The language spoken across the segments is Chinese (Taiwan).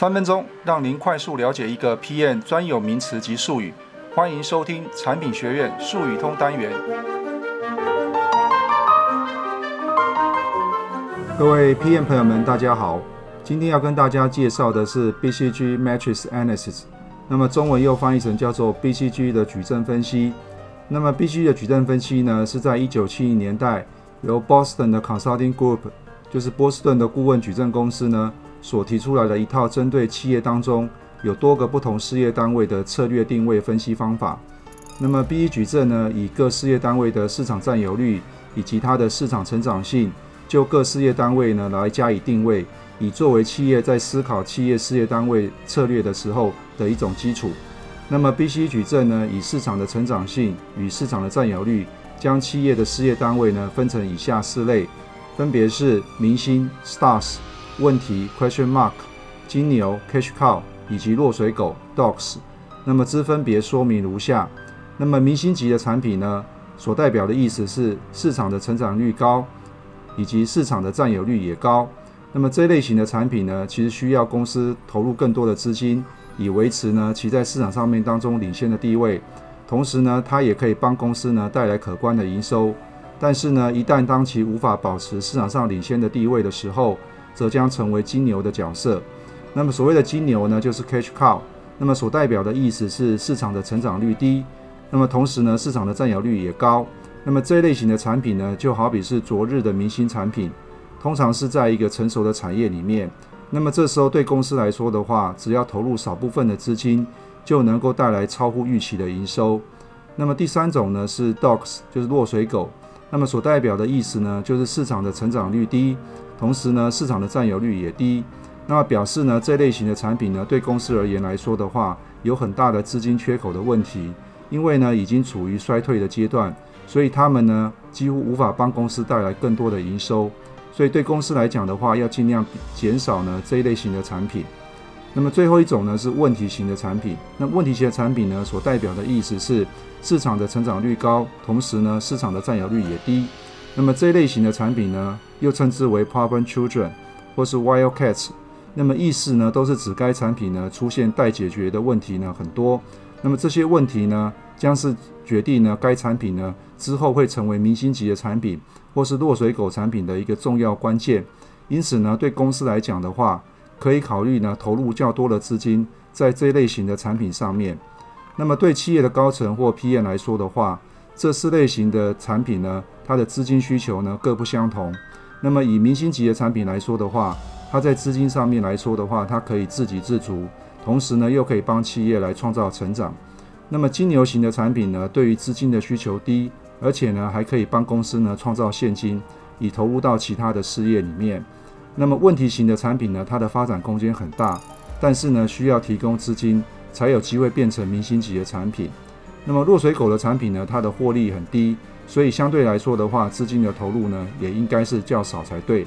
三分鐘讓您快速了解一個 PM 專有名詞及術語，歡迎收聽產品學院術語通單元。各位 PM 朋友們，大家好，今天要跟大家介紹的是 BCG Matrix Analysis，那麼中文又翻譯成叫做 BCG 的矩陣分析。那麼 BCG 的矩陣分析呢，是在一九七零年代由 Boston 的 Consulting Group，就是波士頓的顧問矩陣公司呢。所提出來的一套針對企業當中有多個不同事業單位的策略定位分析方法。那麼 BCG 矩陣呢，以各事業單位的市場佔有率以及它的市場成長性，就各事業單位呢來加以定位，以作為企業在思考企業事業單位策略的時候的一種基礎。那麼 BCG 矩陣呢，以市場的成長性與市場的佔有率，將企業的事業單位呢分成以下四類，分別是明星 （Stars）。問題，question mark、金牛 cash cow 以及落水狗 dogs，那麼之分別說明如下。那麼明星級的產品呢，所代表的意思是市場的成長率高，以及市場的占有率也高。那麼這類型的產品呢，其實需要公司投入更多的資金以維持呢其在市場上面當中領先的地位。同時呢，它也可以幫公司呢帶來可觀的營收。但是呢，一旦當其無法保持市場上領先的地位的時候，則將成為金牛的角色。那麼所謂的金牛呢，就是 cash cow。那麼所代表的意思是市場的成長率低，那麼同時呢，市場的占有率也高。那麼這類型的產品呢，就好比是昨日的明星產品，通常是在一個成熟的產業裡面。那麼這時候對公司來說的話，只要投入少部分的資金，就能夠帶來超乎預期的營收。那麼第三種呢，是 dogs，就是落水狗。那麼所代表的意思呢，就是市場的成長率低，同時呢，市場的占有率也低。那麼表示呢，這類型的產品呢，對公司而言來說的話，有很大的資金缺口的問題，因為呢，已經處於衰退的階段，所以他們呢，幾乎無法幫公司帶來更多的營收。所以對公司來講的話，要儘量減少呢這一類型的產品。那麼最後一種呢，是問題型的產品。那問題型的產品呢，所代表的意思是市場的成長率高，同時呢，市場的占有率也低。那麼這一類型的產品呢，又稱之為 Problem Children 或是 Wild Cats。那麼意思呢，都是指該產品呢，出現待解決的問題呢很多。那麼這些問題呢，將是決定呢該產品呢之後會成為明星級的產品或是落水狗產品的一個重要關鍵。因此呢，對公司來講的話，可以考慮呢，投入較多的資金在這類型的產品上面。那麼對企業的高層或 PE 來說的話，這四類型的產品呢，它的資金需求呢各不相同。那麼以明星級的產品來說的話，它在資金上面來說的話，它可以自給自足，同時呢又可以幫企業來創造成長。那麼金牛型的產品呢，對於資金的需求低，而且呢還可以幫公司呢創造現金，以投入到其他的事業裡面。那麼問題型的產品呢，它的發展空間很大，但是呢需要提供資金，才有機會變成明星級的產品。那麼落水狗的產品呢，它的獲利很低，所以相對來說的話，資金的投入呢也應該是較少才對。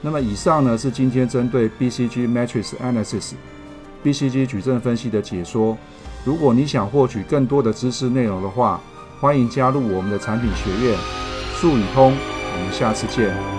那麼以上呢是今天針對 BCG Matrix Analysis BCG 矩陣分析的解說。如果你想獲取更多的知識內容的話，歡迎加入我們的產品學院術語通。我們下次見。